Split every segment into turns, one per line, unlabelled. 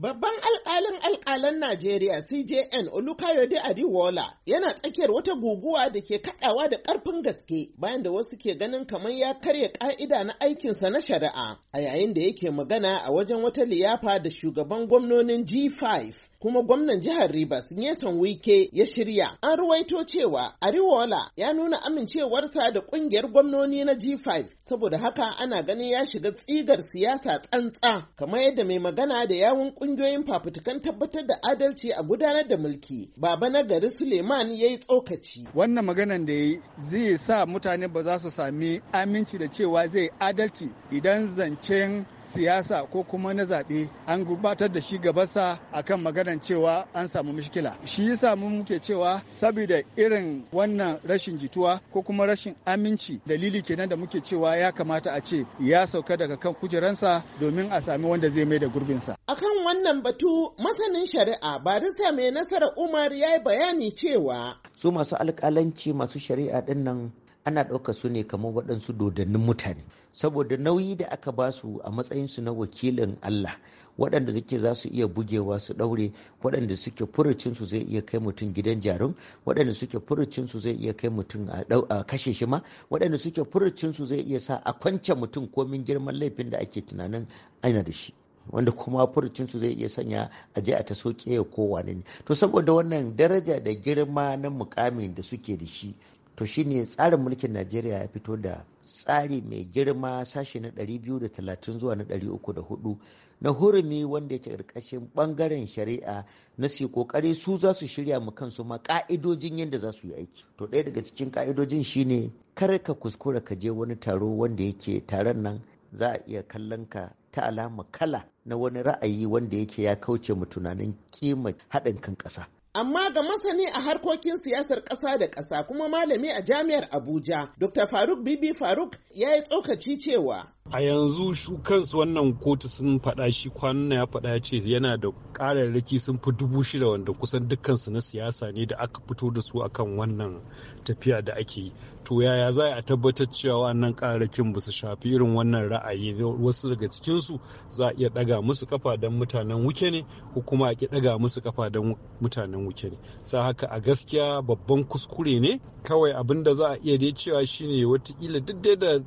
Babban Alƙalin Alƙalan Najeriya CJN Olukayode Adiwola yana tsakiyar wata guguwa da ke kaɗawa da ƙarfin gaske bayan da wasu ke ganin kamar ya karya ƙa'ida na aikinsa na shari'a a yayin da yake magana a wajen wata liyafa da shugaban gwamnonin G5 kuma gwamnan jihar Rivers Nyesom Wike ya shirya. An ruwaito cewa Ariwola ya nuna amincewarsa da kungiyar gwamnoni na G5 saboda haka ana ganin ya shiga tsigar siyasa tsantsa kamar yadda mai magana da yawun
kungiyoyin fafutukan tabbatar da adalci a gudanar da mulki. Baba na gari Suleiman ya yi tsokaci. Wannan maganan da ya yi zai sa mutane ba za su sami aminci da cewa zai adalci idan zancen siyasa ko kuma na zaɓe an gurbatar da shi gabasa akan magana maganan cewa an samu mishkila shi yasa mu muke cewa saboda irin wannan rashin jituwa ko kuma rashin aminci dalili kenan da muke cewa ya kamata a ce ya sauka daga kan kujeransa domin a sami wanda zai mai da gurbinsa
akan wannan batu masanin shari'a barista mai nasarar umar ya yi bayani cewa
su masu alkalanci masu shari'a dinnan ana ɗauka su ne kamar waɗansu dodannin mutane saboda nauyi da aka ba su a matsayinsu na wakilin Allah waɗanda suke za su iya bugewa su ɗaure waɗanda suke furucinsu zai iya kai mutum gidan jarum waɗanda suke furucinsu zai iya kai mutum a kashe shi ma waɗanda suke furucinsu zai iya sa a kwance mutum komin girman laifin da ake tunanin ana da shi wanda kuma furucinsu zai iya sanya a je a ta soke ya kowane ne to saboda wannan daraja da girma na mukamin da suke da shi to shine tsarin mulkin najeriya ya fito da tsari mai girma sashe na 230 zuwa na 304 na hurumi wanda yake ƙarƙashin ɓangaren shari'a na su ƙoƙari su za su shirya mu kansu ma ƙa'idojin yadda za su yi aiki to ɗaya daga cikin ƙa'idojin shine kar ka kuskura ka je wani taro wanda yake taron nan za a iya kallon ka ta alama kala na wani ra'ayi wanda yake ya kauce mu tunanin kima haɗin kan ƙasa
Amma ga masani a harkokin siyasar ƙasa da ƙasa kuma malami a jami'ar Abuja, Dr. Faruk Bibi Faruk ya yi tsokaci cewa
a yanzu su kansu wannan kotu sun faɗa shi kwanan ya faɗa ya ce yana da ƙararraki sun fi dubu shida wanda kusan dukkansu na siyasa ne da aka fito da su akan wannan tafiya da ake yi to yaya za a tabbatar cewa wannan ƙararrakin ba su shafi irin wannan ra'ayi wasu daga cikinsu za a iya ɗaga musu kafa don mutanen wuke ne ko kuma a iya ɗaga musu kafa don mutanen wuke ne sa haka a gaskiya babban kuskure ne kawai abin da za a iya dai cewa shine watakila duk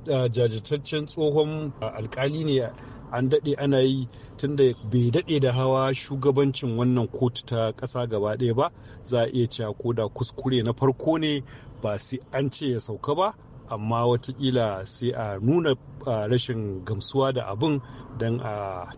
da jajirtaccen tsohon tsohon alkali ne an daɗe ana yi tunda bai daɗe da hawa shugabancin wannan kotu ta ƙasa gaba ɗaya ba za a iya cewa ko da kuskure na farko ne ba sai an ce ya sauka ba amma watakila sai a nuna rashin gamsuwa da abin don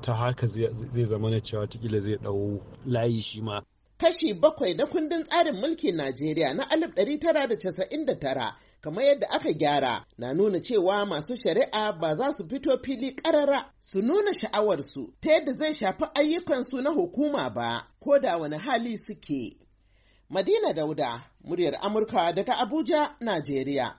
ta haka zai zama na cewa watakila zai ɗau layi shi ma
kashi bakwai na kundin tsarin mulkin Najeriya na 1999 kamar yadda aka gyara na nuna cewa masu shari'a ba za su fito fili ƙarara su nuna sha'awarsu ta yadda zai shafi ayyukansu na hukuma ba ko da wani hali suke. Madina Dauda, muryar Amurka daga Abuja, Najeriya.